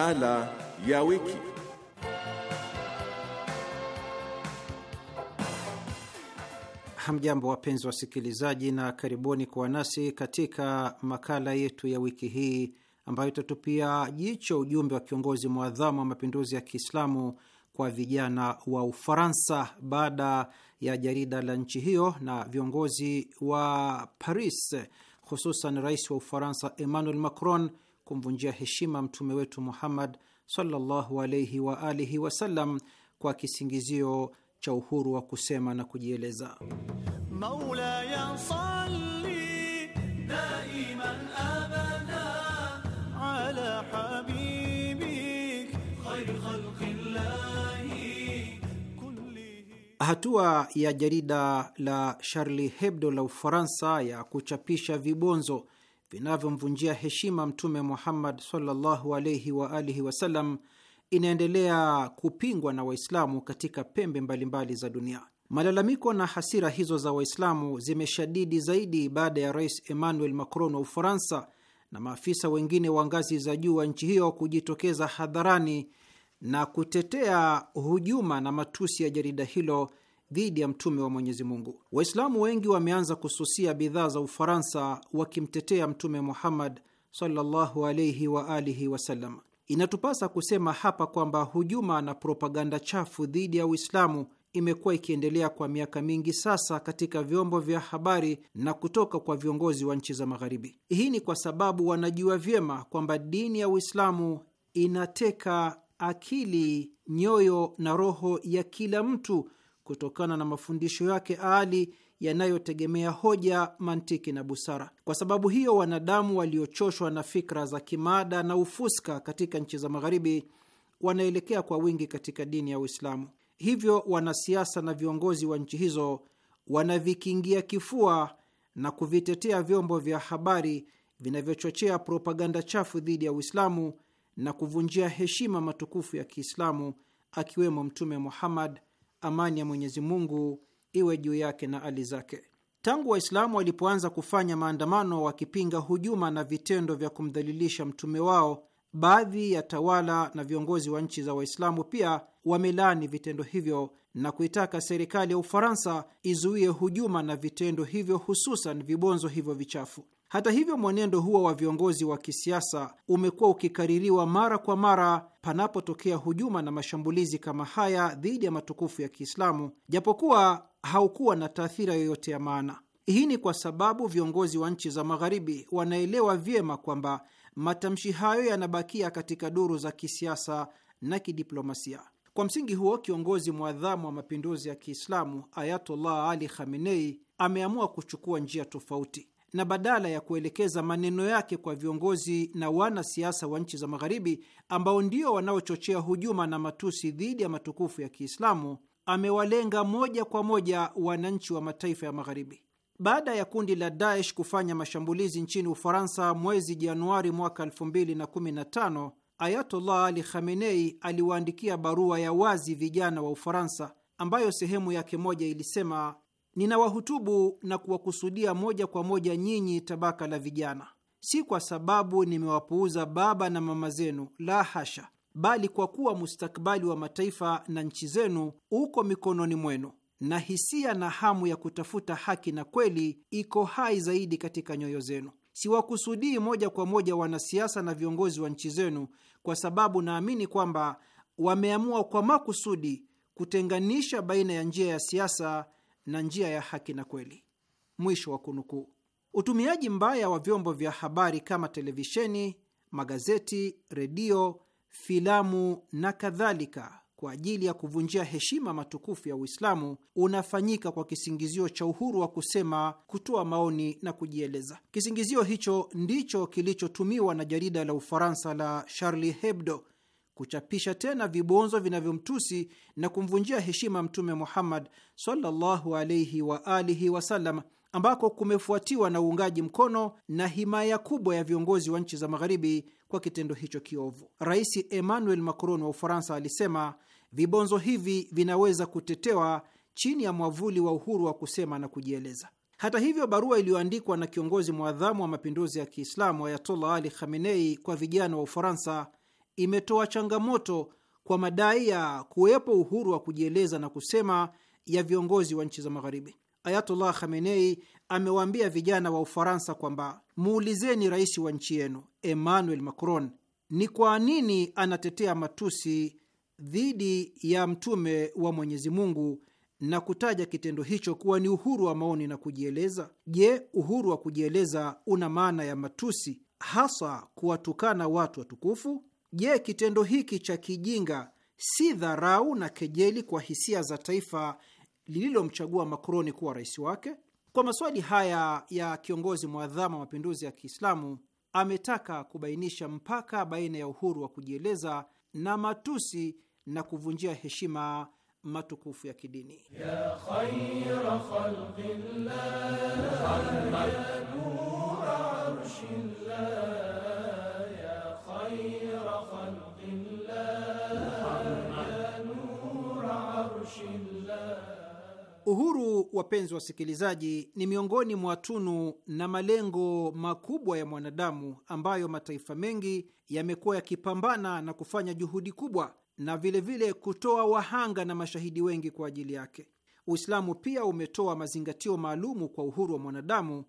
makala ya wiki. Hamjambo, wapenzi wasikilizaji, na karibuni kuwa nasi katika makala yetu ya wiki hii ambayo itatupia jicho ujumbe wa kiongozi mwadhamu wa mapinduzi ya Kiislamu kwa vijana wa Ufaransa baada ya jarida la nchi hiyo na viongozi wa Paris, hususan rais wa Ufaransa Emmanuel Macron kumvunjia heshima mtume wetu Muhammad sallallahu alayhi wa alihi wasallam kwa kisingizio cha uhuru wa kusema na kujieleza. ya salli daiman abada ala habibik khair khalqillahi kullihi. Hatua ya jarida la Charlie Hebdo la Ufaransa ya kuchapisha vibonzo vinavyomvunjia heshima Mtume Muhammad sallallahu alaihi wa alihi wasallam inaendelea kupingwa na Waislamu katika pembe mbalimbali za dunia. Malalamiko na hasira hizo za Waislamu zimeshadidi zaidi baada ya Rais Emmanuel Macron wa Ufaransa na maafisa wengine wa ngazi za juu wa nchi hiyo kujitokeza hadharani na kutetea hujuma na matusi ya jarida hilo dhidi ya mtume wa Mwenyezi Mungu. Waislamu wengi wameanza kususia bidhaa za Ufaransa wakimtetea Mtume Muhammad sallallahu wa alihi wasallam. Inatupasa kusema hapa kwamba hujuma na propaganda chafu dhidi ya Uislamu imekuwa ikiendelea kwa miaka mingi sasa katika vyombo vya habari na kutoka kwa viongozi wa nchi za Magharibi. Hii ni kwa sababu wanajua vyema kwamba dini ya Uislamu inateka akili, nyoyo na roho ya kila mtu kutokana na mafundisho yake ali yanayotegemea hoja, mantiki na busara. Kwa sababu hiyo, wanadamu waliochoshwa na fikra za kimaada na ufuska katika nchi za Magharibi wanaelekea kwa wingi katika dini ya Uislamu. Hivyo wanasiasa na viongozi wa nchi hizo wanavikingia kifua na kuvitetea vyombo vya habari vinavyochochea propaganda chafu dhidi ya Uislamu na kuvunjia heshima matukufu ya Kiislamu, akiwemo Mtume Muhammad amani ya Mwenyezi Mungu iwe juu yake na ali zake. Tangu Waislamu walipoanza kufanya maandamano wakipinga hujuma na vitendo vya kumdhalilisha mtume wao Baadhi ya tawala na viongozi wa nchi za Waislamu pia wamelani vitendo hivyo na kuitaka serikali ya Ufaransa izuie hujuma na vitendo hivyo, hususan vibonzo hivyo vichafu. Hata hivyo, mwenendo huo wa viongozi wa kisiasa umekuwa ukikaririwa mara kwa mara panapotokea hujuma na mashambulizi kama haya dhidi ya matukufu ya Kiislamu, japokuwa haukuwa na taathira yoyote ya maana. Hii ni kwa sababu viongozi wa nchi za Magharibi wanaelewa vyema kwamba matamshi hayo yanabakia katika duru za kisiasa na kidiplomasia. Kwa msingi huo, kiongozi mwadhamu wa mapinduzi ya Kiislamu Ayatollah Ali Khamenei ameamua kuchukua njia tofauti na badala ya kuelekeza maneno yake kwa viongozi na wanasiasa wa nchi za Magharibi ambao ndio wanaochochea hujuma na matusi dhidi ya matukufu ya Kiislamu, amewalenga moja kwa moja wananchi wa mataifa ya Magharibi. Baada ya kundi la Daesh kufanya mashambulizi nchini Ufaransa mwezi Januari mwaka 2015, Ayatollah Ali Khamenei aliwaandikia barua ya wazi vijana wa Ufaransa ambayo sehemu yake moja ilisema, ninawahutubu na kuwakusudia moja kwa moja nyinyi tabaka la vijana, si kwa sababu nimewapuuza baba na mama zenu, la hasha, bali kwa kuwa mustakabali wa mataifa na nchi zenu uko mikononi mwenu na hisia na hamu ya kutafuta haki na kweli iko hai zaidi katika nyoyo zenu. Siwakusudii moja kwa moja wanasiasa na viongozi wa nchi zenu, kwa sababu naamini kwamba wameamua kwa makusudi kutenganisha baina ya njia ya siasa na njia ya haki na kweli. Mwisho wa kunukuu. Utumiaji mbaya wa vyombo vya habari kama televisheni, magazeti, redio, filamu na kadhalika kwa ajili ya kuvunjia heshima matukufu ya Uislamu unafanyika kwa kisingizio cha uhuru wa kusema, kutoa maoni na kujieleza. Kisingizio hicho ndicho kilichotumiwa na jarida la Ufaransa la Charlie Hebdo kuchapisha tena vibonzo vinavyomtusi na kumvunjia heshima Mtume Muhammad sallallahu alaihi wa alihi wasallam, ambako kumefuatiwa na uungaji mkono na himaya kubwa ya viongozi wa nchi za Magharibi kwa kitendo hicho kiovu. Rais Emmanuel Macron wa Ufaransa alisema Vibonzo hivi vinaweza kutetewa chini ya mwavuli wa uhuru wa kusema na kujieleza. Hata hivyo, barua iliyoandikwa na kiongozi mwadhamu wa mapinduzi ya Kiislamu Ayatollah Ali Khamenei kwa vijana wa Ufaransa imetoa changamoto kwa madai ya kuwepo uhuru wa kujieleza na kusema ya viongozi wa nchi za Magharibi. Ayatollah Khamenei amewaambia vijana wa Ufaransa kwamba muulizeni rais wa nchi yenu Emmanuel Macron ni kwa nini anatetea matusi dhidi ya mtume wa Mwenyezi Mungu na kutaja kitendo hicho kuwa ni uhuru wa maoni na kujieleza. Je, uhuru wa kujieleza una maana ya matusi, hasa kuwatukana watu watukufu? Je, kitendo hiki cha kijinga si dharau na kejeli kwa hisia za taifa lililomchagua Makroni kuwa rais wake? Kwa maswali haya ya kiongozi mwadhama wa mapinduzi ya Kiislamu ametaka kubainisha mpaka baina ya uhuru wa kujieleza na matusi na kuvunjia heshima matukufu ya kidini Uhuru, wapenzi wasikilizaji, ni miongoni mwa tunu na malengo makubwa ya mwanadamu ambayo mataifa mengi yamekuwa yakipambana na kufanya juhudi kubwa na vilevile vile kutoa wahanga na mashahidi wengi kwa ajili yake. Uislamu pia umetoa mazingatio maalumu kwa uhuru wa mwanadamu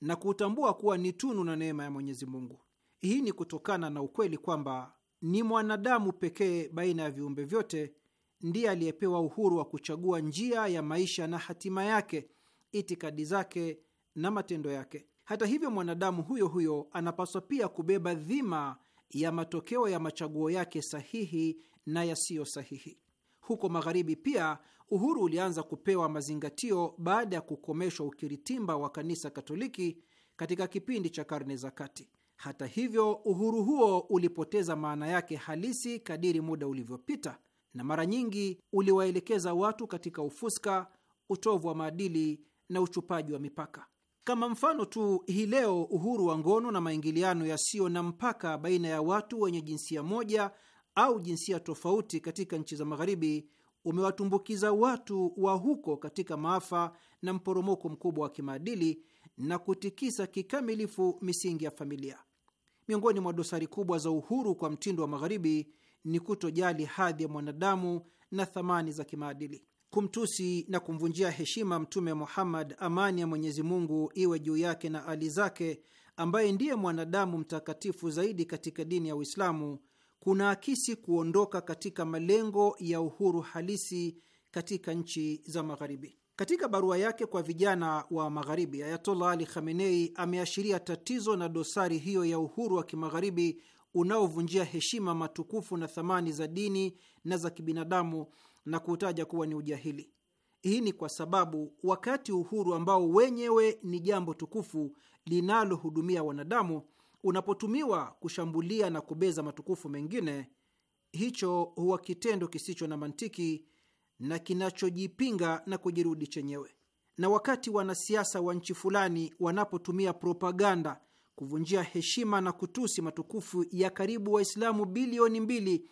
na kuutambua kuwa ni tunu na neema ya Mwenyezi Mungu. Hii ni kutokana na ukweli kwamba ni mwanadamu pekee baina ya viumbe vyote ndiye aliyepewa uhuru wa kuchagua njia ya maisha na hatima yake, itikadi zake na matendo yake. Hata hivyo, mwanadamu huyo huyo anapaswa pia kubeba dhima ya matokeo ya machaguo yake sahihi na yasiyo sahihi. Huko Magharibi pia uhuru ulianza kupewa mazingatio baada ya kukomeshwa ukiritimba wa kanisa Katoliki katika kipindi cha karne za kati. Hata hivyo, uhuru huo ulipoteza maana yake halisi kadiri muda ulivyopita, na mara nyingi uliwaelekeza watu katika ufuska, utovu wa maadili na uchupaji wa mipaka. Kama mfano tu, hii leo uhuru wa ngono na maingiliano yasiyo na mpaka baina ya watu wenye jinsia moja au jinsia tofauti katika nchi za Magharibi umewatumbukiza watu wa huko katika maafa na mporomoko mkubwa wa kimaadili na kutikisa kikamilifu misingi ya familia. Miongoni mwa dosari kubwa za uhuru kwa mtindo wa Magharibi ni kutojali hadhi ya mwanadamu na thamani za kimaadili. Kumtusi na kumvunjia heshima Mtume Muhammad, amani ya Mwenyezi Mungu iwe juu yake na ali zake, ambaye ndiye mwanadamu mtakatifu zaidi katika dini ya Uislamu kunaakisi kuondoka katika malengo ya uhuru halisi katika nchi za Magharibi. Katika barua yake kwa vijana wa Magharibi, Ayatollah Ali Khamenei ameashiria tatizo na dosari hiyo ya uhuru wa kimagharibi unaovunjia heshima matukufu na thamani za dini na za kibinadamu na kuutaja kuwa ni ujahili. Hii ni kwa sababu wakati uhuru ambao wenyewe ni jambo tukufu linalohudumia wanadamu unapotumiwa kushambulia na kubeza matukufu mengine, hicho huwa kitendo kisicho na mantiki na kinachojipinga na kujirudi chenyewe. Na wakati wanasiasa wa nchi fulani wanapotumia propaganda kuvunjia heshima na kutusi matukufu ya karibu Waislamu bilioni mbili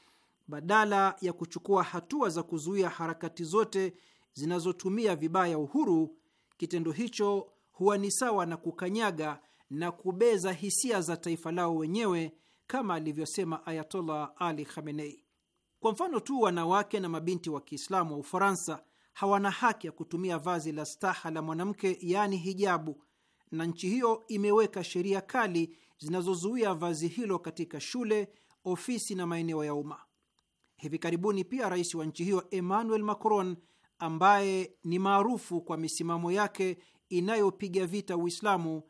badala ya kuchukua hatua za kuzuia harakati zote zinazotumia vibaya uhuru, kitendo hicho huwa ni sawa na kukanyaga na kubeza hisia za taifa lao wenyewe, kama alivyosema Ayatollah Ali Khamenei. Kwa mfano tu, wanawake na mabinti wa Kiislamu wa Ufaransa hawana haki ya kutumia vazi la staha la mwanamke, yaani hijabu, na nchi hiyo imeweka sheria kali zinazozuia vazi hilo katika shule, ofisi na maeneo ya umma. Hivi karibuni pia rais wa nchi hiyo Emmanuel Macron, ambaye ni maarufu kwa misimamo yake inayopiga vita Uislamu,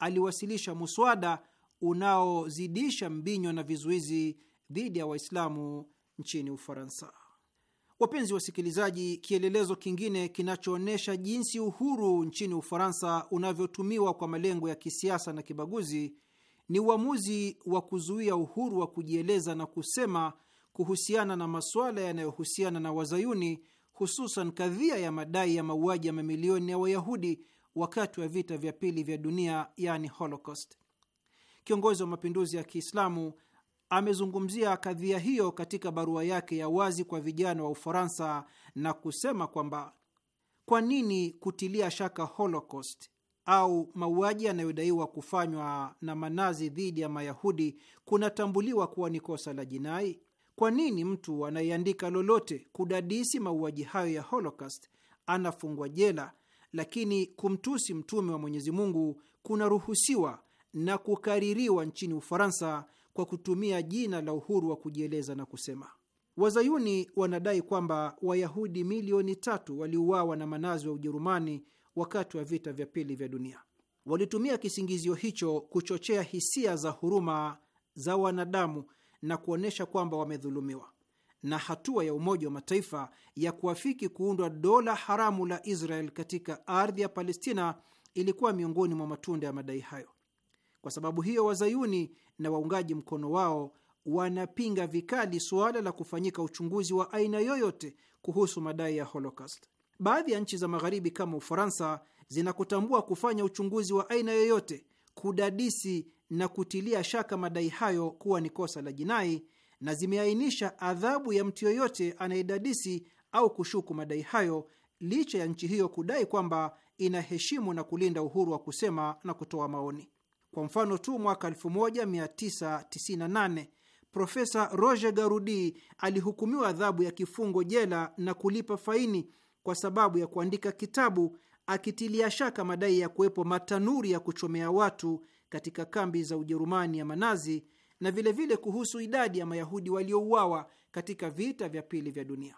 aliwasilisha muswada unaozidisha mbinyo na vizuizi dhidi ya Waislamu nchini Ufaransa. Wapenzi wasikilizaji, kielelezo kingine kinachoonyesha jinsi uhuru nchini Ufaransa unavyotumiwa kwa malengo ya kisiasa na kibaguzi ni uamuzi wa kuzuia uhuru wa kujieleza na kusema kuhusiana na masuala yanayohusiana na Wazayuni, hususan kadhia ya madai ya mauaji ya mamilioni ya Wayahudi wakati wa vita vya pili vya dunia, yaani Holocaust. Kiongozi wa mapinduzi ya Kiislamu amezungumzia kadhia hiyo katika barua yake ya wazi kwa vijana wa Ufaransa na kusema kwamba kwa nini kutilia shaka Holocaust au mauaji yanayodaiwa kufanywa na manazi dhidi ya Mayahudi kunatambuliwa kuwa ni kosa la jinai? Kwa nini mtu anayeandika lolote kudadisi mauaji hayo ya Holocaust anafungwa jela lakini kumtusi mtume wa Mwenyezi Mungu kunaruhusiwa na kukaririwa nchini Ufaransa kwa kutumia jina la uhuru wa kujieleza na kusema. Wazayuni wanadai kwamba Wayahudi milioni tatu waliuawa na manazi wa Ujerumani wakati wa vita vya pili vya dunia. Walitumia kisingizio hicho kuchochea hisia za huruma za wanadamu na kuonyesha kwamba wamedhulumiwa na hatua ya Umoja wa Mataifa ya kuafiki kuundwa dola haramu la Israel katika ardhi ya Palestina ilikuwa miongoni mwa matunda ya madai hayo. Kwa sababu hiyo, wazayuni na waungaji mkono wao wanapinga vikali suala la kufanyika uchunguzi wa aina yoyote kuhusu madai ya Holocaust. Baadhi ya nchi za Magharibi kama Ufaransa zinakutambua kufanya uchunguzi wa aina yoyote, kudadisi na kutilia shaka madai hayo kuwa ni kosa la jinai na zimeainisha adhabu ya mtu yoyote anayedadisi au kushuku madai hayo, licha ya nchi hiyo kudai kwamba inaheshimu na kulinda uhuru wa kusema na kutoa maoni. Kwa mfano tu, mwaka 1998 Profesa Roger Garudi alihukumiwa adhabu ya kifungo jela na kulipa faini kwa sababu ya kuandika kitabu akitilia shaka madai ya kuwepo matanuri ya kuchomea watu katika kambi za Ujerumani ya Manazi na vilevile vile kuhusu idadi ya Mayahudi waliouawa katika vita vya pili vya dunia.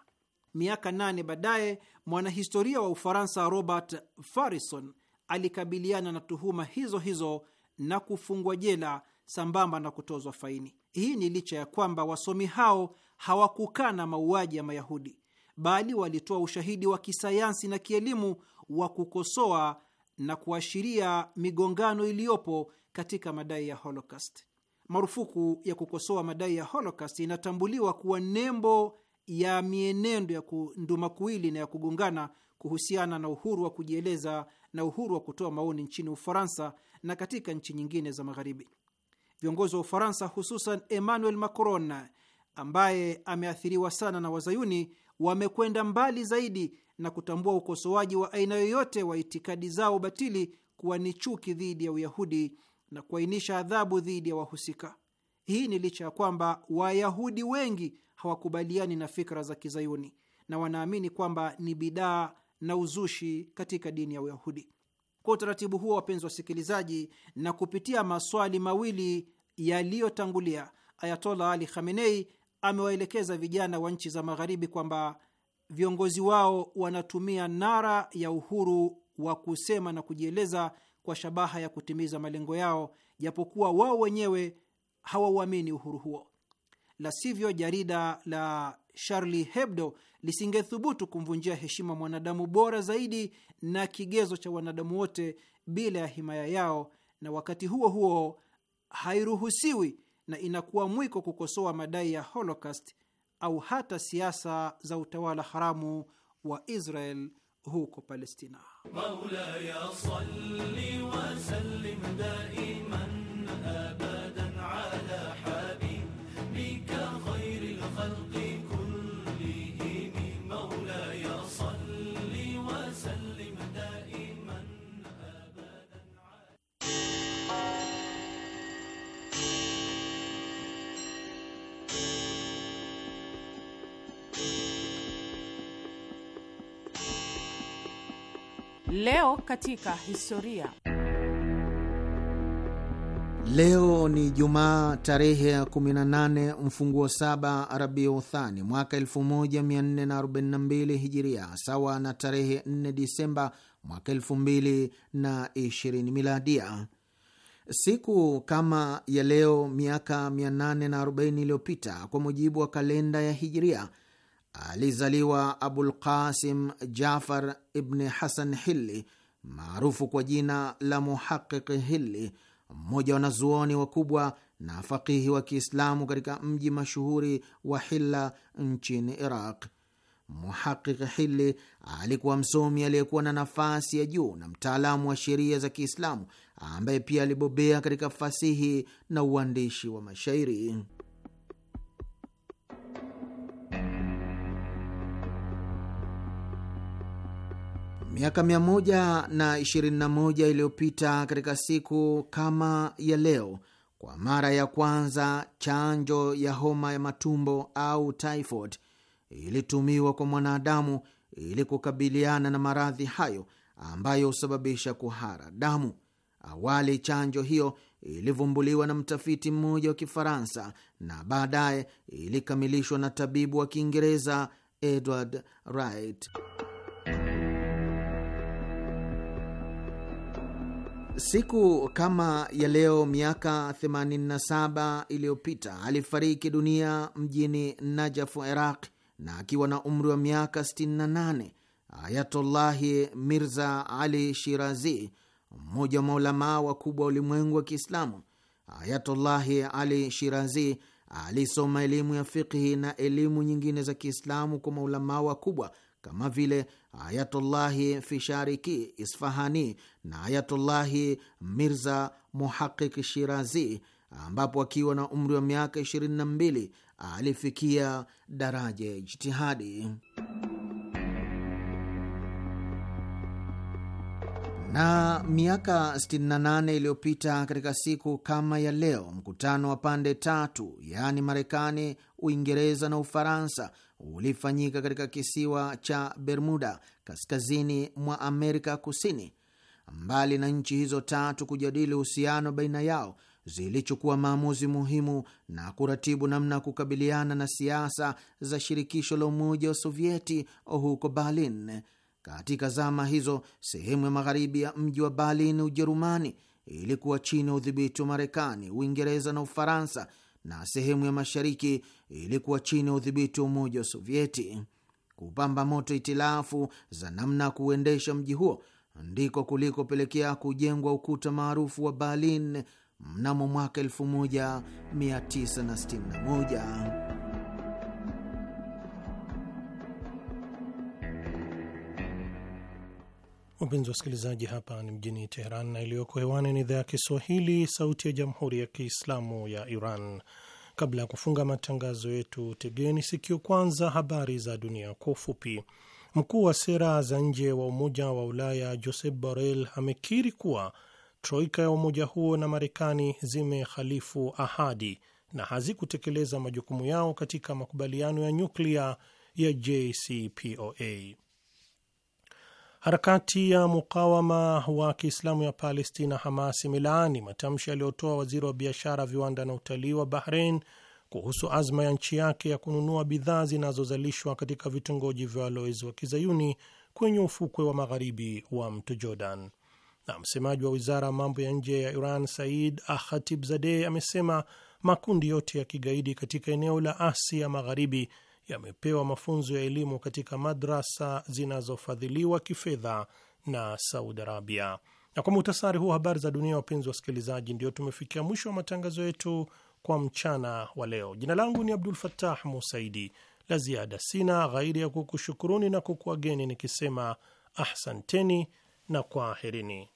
Miaka nane baadaye, mwanahistoria wa Ufaransa Robert Farison alikabiliana na tuhuma hizo hizo na kufungwa jela sambamba na kutozwa faini. Hii ni licha ya kwamba wasomi hao hawakukana mauaji ya Mayahudi, bali walitoa ushahidi wa kisayansi na kielimu wa kukosoa na kuashiria migongano iliyopo katika madai ya Holocaust. Marufuku ya kukosoa madai ya Holocaust inatambuliwa kuwa nembo ya mienendo ya kundumakuwili na ya kugongana kuhusiana na uhuru wa kujieleza na uhuru wa kutoa maoni nchini Ufaransa na katika nchi nyingine za Magharibi. Viongozi wa Ufaransa, hususan Emmanuel Macron ambaye ameathiriwa sana na Wazayuni, wamekwenda mbali zaidi na kutambua ukosoaji wa aina yoyote wa itikadi zao batili kuwa ni chuki dhidi ya Uyahudi na kuainisha adhabu dhidi ya wahusika. Hii ni licha ya kwamba Wayahudi wengi hawakubaliani na fikra za kizayuni na wanaamini kwamba ni bidaa na uzushi katika dini ya Uyahudi. Kwa utaratibu huo, wapenzi wasikilizaji, na kupitia maswali mawili yaliyotangulia, Ayatola Ali Khamenei amewaelekeza vijana wa nchi za Magharibi kwamba viongozi wao wanatumia nara ya uhuru wa kusema na kujieleza kwa shabaha ya kutimiza malengo yao, japokuwa wao wenyewe hawauamini uhuru huo. La sivyo, jarida la Charlie Hebdo lisingethubutu kumvunjia heshima mwanadamu bora zaidi na kigezo cha wanadamu wote bila ya himaya yao, na wakati huo huo hairuhusiwi na inakuwa mwiko kukosoa madai ya Holocaust au hata siasa za utawala haramu wa Israel huko Palestina. مولاي صل وسلم دائما أبدا Leo katika historia. Leo ni Jumaa tarehe ya 18 mfunguo saba Rabiu Thani mwaka 1442 Hijiria, sawa na tarehe 4 Disemba mwaka 2020 Miladia. Siku kama ya leo miaka 840 iliyopita, kwa mujibu wa kalenda ya Hijiria, alizaliwa Abul Qasim Jafar Ibni Hasan Hilli, maarufu kwa jina la Muhaqiq Hilli, mmoja wanazuoni wakubwa na fakihi wa Kiislamu katika mji mashuhuri wa Hilla nchini Iraq. Muhaqiq Hili alikuwa msomi aliyekuwa na nafasi ya juu na mtaalamu wa sheria za Kiislamu ambaye pia alibobea katika fasihi na uandishi wa mashairi. Miaka 121 iliyopita katika siku kama ya leo, kwa mara ya kwanza chanjo ya homa ya matumbo au typhoid ilitumiwa kwa mwanadamu ili kukabiliana na maradhi hayo ambayo husababisha kuhara damu. Awali chanjo hiyo ilivumbuliwa na mtafiti mmoja wa Kifaransa na baadaye ilikamilishwa na tabibu wa Kiingereza Edward Wright. Siku kama ya leo miaka 87 iliyopita alifariki dunia mjini Najafu, Iraq, na akiwa na umri wa miaka 68 Ayatullahi Mirza Ali Shirazi, mmoja wa maulamaa wakubwa wa ulimwengu wa Kiislamu. Ayatullahi Ali Shirazi alisoma elimu ya fiqhi na elimu nyingine za Kiislamu kwa maulamaa wakubwa kama vile Ayatullahi Fishariki Isfahani na Ayatullahi Mirza Muhaqiq Shirazi, ambapo akiwa na umri wa miaka 22 alifikia daraja ya ijtihadi. Na miaka 68 iliyopita katika siku kama ya leo, mkutano wa pande tatu, yaani Marekani, Uingereza na Ufaransa ulifanyika katika kisiwa cha Bermuda kaskazini mwa Amerika Kusini. Mbali na nchi hizo tatu kujadili uhusiano baina yao, zilichukua maamuzi muhimu na kuratibu namna ya kukabiliana na siasa za shirikisho la Umoja wa Sovieti huko Berlin. Katika zama hizo, sehemu ya magharibi ya mji wa Berlin, Ujerumani, ilikuwa chini ya udhibiti wa Marekani, Uingereza na Ufaransa na sehemu ya mashariki ilikuwa chini ya udhibiti wa Umoja wa Sovieti. Kupamba moto itilafu za namna ya kuuendesha mji huo ndiko kulikopelekea kujengwa ukuta maarufu wa Berlin mnamo mwaka 1961. Wapenzi wasikilizaji, hapa ni mjini Teheran na iliyoko hewani ni idhaa ya Kiswahili, Sauti ya Jamhuri ya Kiislamu ya Iran. Kabla ya kufunga matangazo yetu, tegeni sikio kwanza habari za dunia kwa ufupi. Mkuu wa sera za nje wa Umoja wa Ulaya Josep Borrell amekiri kuwa troika ya umoja huo na Marekani zimehalifu ahadi na hazikutekeleza majukumu yao katika makubaliano ya nyuklia ya JCPOA. Harakati ya mukawama wa Kiislamu ya Palestina, Hamas, imelaani matamshi aliyotoa waziri wa biashara, viwanda na utalii wa bahrein kuhusu azma ya nchi yake ya kununua bidhaa zinazozalishwa katika vitongoji vya walowezi wa kizayuni kwenye ufukwe wa magharibi wa mto Jordan. Na msemaji wa wizara ya mambo ya nje ya Iran, Said Ahatibzadeh, amesema makundi yote ya kigaidi katika eneo la Asia Magharibi yamepewa mafunzo ya elimu katika madrasa zinazofadhiliwa kifedha na Saudi Arabia. Na kwa muhtasari huu habari za dunia, wapenzi wa wasikilizaji, ndio tumefikia mwisho wa matangazo yetu kwa mchana wa leo. Jina langu ni Abdul fatah Musaidi. La ziada sina ghairi ya kukushukuruni na kukuageni nikisema ahsanteni na kwaherini.